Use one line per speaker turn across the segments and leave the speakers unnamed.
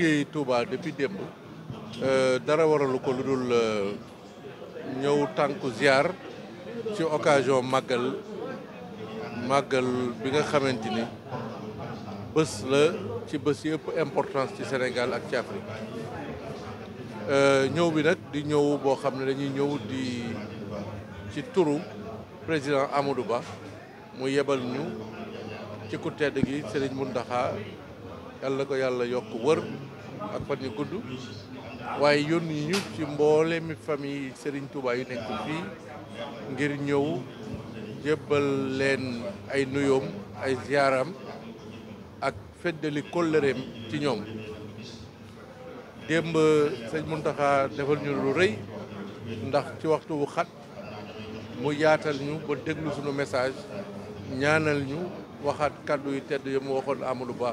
jógee Touba depuis démb euh, dara waralu ko lu dul euh, ñëw tànku ziar ci occasion màggal màggal bi nga xamante ni bés la ci bés yëpp importance ci Sénégal ak ci Afrique euh, ñëw bi nag di ñëw boo xam ne dañuy ñëw di ci turu président Amadou Ba mu yebal ñu ci ku tedd gi Serigne Mountakha yàlla ko yàlla yokk wër ak fan yu gudd waaye yónni ñu ci mboole mi famille Serigne yu nekk fii ngir ñëw jébbal leen ay nuyoom ay ziaram ak feddali kóllëreem ci ñoom démb sëñ Mountakha defal ñu lu rëy ndax ci waxtu wu xat mu yaatal ñu ba déglu suñu message ñaanal ñu waxaat kàddu yu tedd yi mu waxoon Amadou Ba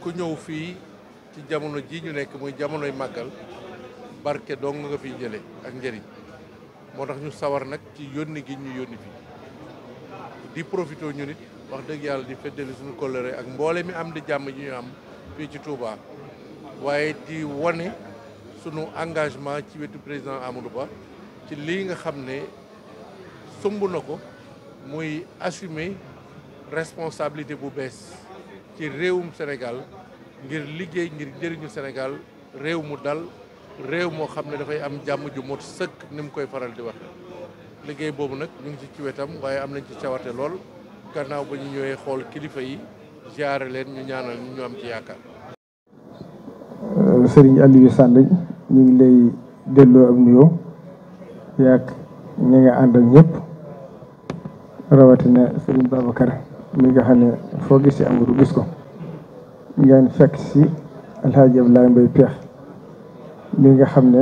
ku ñëw fii ci jamono ji ñu nekk muy jamonoy màggal barke dong nga fi jëlee ak njëriñ moo tax ñu sawar nag ci yónni gi ñu yónni fii di profité ñu nit wax dëgg yàlla di feddali suñu kóllëre ak mboole mi am di jàmm ji ñu am fii ci Touba waaye di wane sunu engagement ci wetu président Amadou Ba ci lii nga xam ne sumb na ko muy assumer responsabilité bu bees ci réewum senegal ngir liggéey ngir jëriñu senegal réew mu dal réew moo xam ne dafay am jàmm ju mot sëkk ni mu koy faral di wax liggéey boobu nag ñu ngi ci ci wetam waaye am nañ ci cawate lool gannaaw ba ñu ñëwee xool kilifa yi jaare leen ñu ñaanal ñu ñu am ci yaakaar.
Serigne Aliou Sall ñu ngi lay delloo ab nuyoo yaak ñi nga àndal ñëpp rawatina Serigne Babacar mi nga xam ne foo gis ci amuru gis ko. ngeen fekk si alxaaji Abdoulaye Mbaye Pekh mi nga xam ne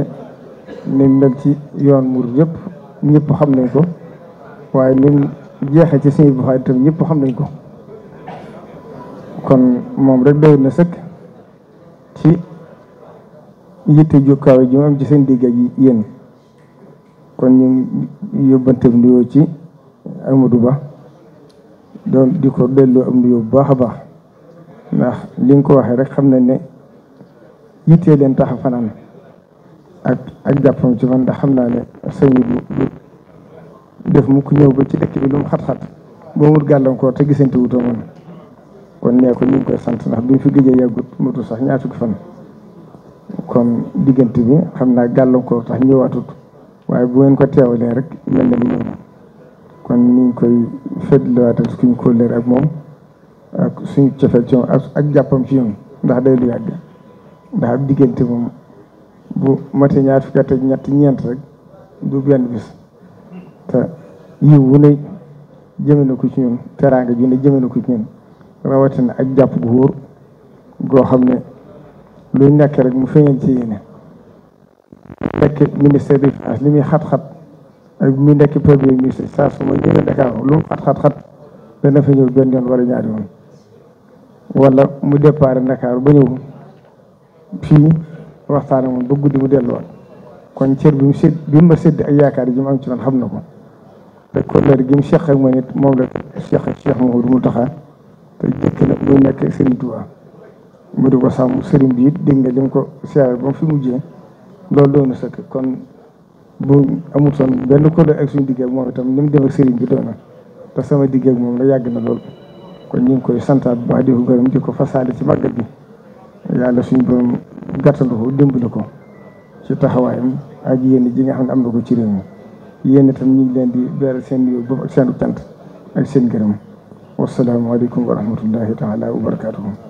ni mel ci yoon murid yëpp ñépp xam nañ ko waaye ni jeexe ci suñu buxaay itam ñëpp xam nañ ko kon moom rek doy na sëkk ci yitte ju kawe ci seen digg ak yéen kon ñu ngi yóbbanteem nuyoo ci Amadou Ba doon di ko delloo am nuyoo bu baax a baax ndax li nga ko waxee rek xam nañ ne yittee leen tax a fanaan ak ak jàppam ci man ndax xam naa ne sëñ bi def mu ko ñëw ba ci dëkk bi lu mu xat-xat boo mut gàllankoor te gisante wutoo moom kon nee ko ñu koy sant nax bi fi gëjee yàggut mutu sax ñaar fukki fan kon diggante bi xam naa gàllankoor tax ñëwaatut waaye bu ngeen ko teewalee rek mel na ni ñëw kon ñu ngi koy fedd lawaatal suñu kóllëre ak moom ak suñu cofeel ci moom ak jàppam ci ñun ndax day lu yàgg ndax ab diggante moom bu mate ñaar fukki at ak ñett ñeent rek du benn bis te yiw wu ne jëme na ko ci ñun teraanga ju ne jëme na ko ci ñun rawatina ak jàpp gu wóor goo xam ne luy nekk rek mu feeñal ci yéene nekk ministère des finances li muy xat-xat ak mu nekk premier ministre saa su ma ñëwee Dakar lu mu xat-xat-xat dana fa ñëw benn yoon wala ñaari yoon wala mu départ Ndakaaru ba ñëw fii waxtaan moom ba guddi mu delluwaat kon cër bi mu sédd bi ma sédd ay yaakaar ji mu am ci man xam na ko te kóllëre gi mu seq ma nit moom la seq ak Cheikh Mouhamadou Mountakha te jëkk na mu di ko sàmm Serigne bi it dégg nga li mu ko siyaare ba mu fi mujjee loolu doon na sëkk kon bu amutoon benn kóllëre ak suñu digg ak moom itam ni mu dem ak Serigne bi doon na te sama digg ak moom la yàgg na lool. kon ñu ngi koy santaat bu baax di ko gërëm di ko fasaale ci màggal bi yàlla suñ borom gàttandu ko dimbali ko ci taxawaayam ak yéen ji nga xam ne am na ko ci réew mi yéen itam ñu ngi leen di beral seen nuyoo boobu ak seen cant ak seen gërëm wasalaamaaleykum wa rahmatullahi taala wa barakaatuhu